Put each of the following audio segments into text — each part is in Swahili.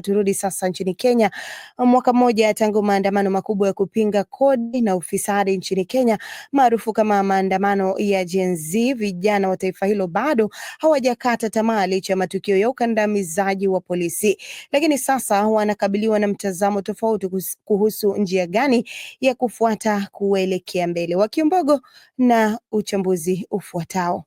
Turudi sasa nchini Kenya. Mwaka mmoja tangu maandamano makubwa ya kupinga kodi na ufisadi nchini Kenya maarufu kama maandamano ya Gen Z, vijana wa taifa hilo bado hawajakata tamaa licha ya matukio ya ukandamizaji wa polisi, lakini sasa wanakabiliwa na mtazamo tofauti kuhusu njia gani ya kufuata kuelekea mbele. Wakiombogo na uchambuzi ufuatao.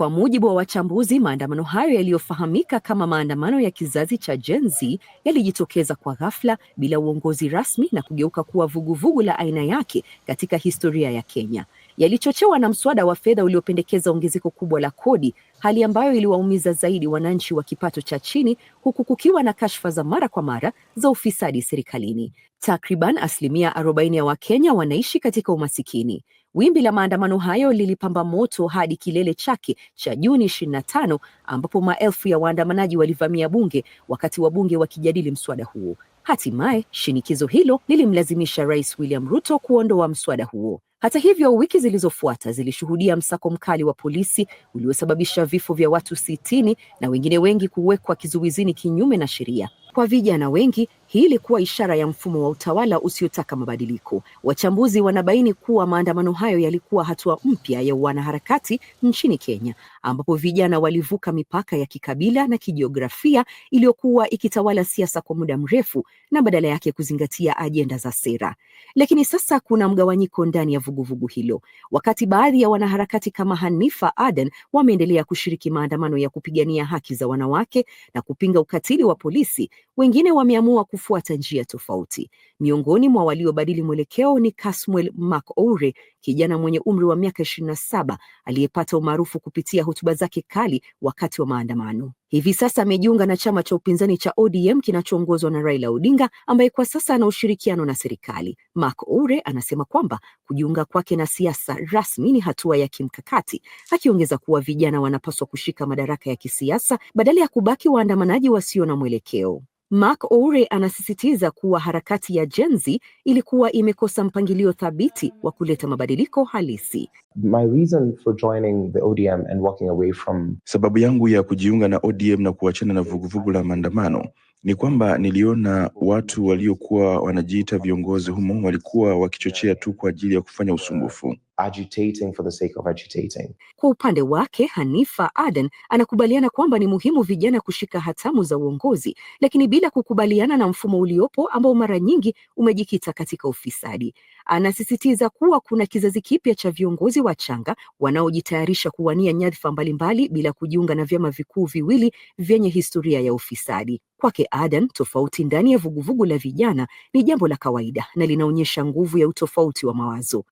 Kwa mujibu wa wachambuzi, maandamano hayo yaliyofahamika kama maandamano ya kizazi cha Gen Z yalijitokeza kwa ghafla bila uongozi rasmi na kugeuka kuwa vuguvugu vugu la aina yake katika historia ya Kenya. Yalichochewa na mswada wa fedha uliopendekeza ongezeko kubwa la kodi, hali ambayo iliwaumiza zaidi wananchi wa kipato cha chini, huku kukiwa na kashfa za mara kwa mara za ufisadi serikalini. Takriban asilimia 40 ya Wakenya wanaishi katika umasikini. Wimbi la maandamano hayo lilipamba moto hadi kilele chake cha Juni 25 ambapo maelfu ya waandamanaji walivamia bunge wakati wabunge wakijadili mswada huo. Hatimaye shinikizo hilo lilimlazimisha Rais William Ruto kuondoa mswada huo. Hata hivyo, wiki zilizofuata zilishuhudia msako mkali wa polisi uliosababisha vifo vya watu sitini na wengine wengi kuwekwa kizuizini kinyume na sheria. Kwa vijana wengi hii ilikuwa ishara ya mfumo wa utawala usiotaka mabadiliko. Wachambuzi wanabaini kuwa maandamano hayo yalikuwa hatua mpya ya wanaharakati nchini Kenya, ambapo vijana walivuka mipaka ya kikabila na kijiografia iliyokuwa ikitawala siasa kwa muda mrefu na badala yake kuzingatia ajenda za sera. Lakini sasa kuna mgawanyiko ndani ya vuguvugu vugu hilo. Wakati baadhi ya wanaharakati kama Hanifa Aden wameendelea kushiriki maandamano ya kupigania haki za wanawake na kupinga ukatili wa polisi, wengine wameamua kufuata njia tofauti. Miongoni mwa waliobadili mwelekeo ni Kasmuel Makoure, kijana mwenye umri wa miaka saba aliyepata umaarufu kupitia hotuba zake kali wakati wa maandamano hivi sasa amejiunga na chama cha upinzani cha ODM kinachoongozwa na Raila Odinga ambaye kwa sasa ana ushirikiano na serikali. Mark Ure anasema kwamba kujiunga kwake na siasa rasmi ni hatua ya kimkakati, akiongeza kuwa vijana wanapaswa kushika madaraka ya kisiasa badala ya kubaki waandamanaji wasio na mwelekeo. Mark Oure anasisitiza kuwa harakati ya Gen Z ilikuwa imekosa mpangilio thabiti wa kuleta mabadiliko halisi. My reason for joining the ODM and walking away from... sababu yangu ya kujiunga na ODM ODM na kuachana na vuguvugu la maandamano ni kwamba niliona watu waliokuwa wanajiita viongozi humo walikuwa wakichochea tu kwa ajili ya kufanya usumbufu. For the sake of agitating. Kwa upande wake Hanifa Aden anakubaliana kwamba ni muhimu vijana kushika hatamu za uongozi, lakini bila kukubaliana na mfumo uliopo ambao mara nyingi umejikita katika ufisadi. Anasisitiza kuwa kuna kizazi kipya cha viongozi wachanga wanaojitayarisha kuwania nyadhifa mbalimbali bila kujiunga na vyama vikuu viwili vyenye historia ya ufisadi. Kwake Adan, tofauti ndani ya vuguvugu la vijana ni jambo la kawaida na linaonyesha nguvu ya utofauti wa mawazo.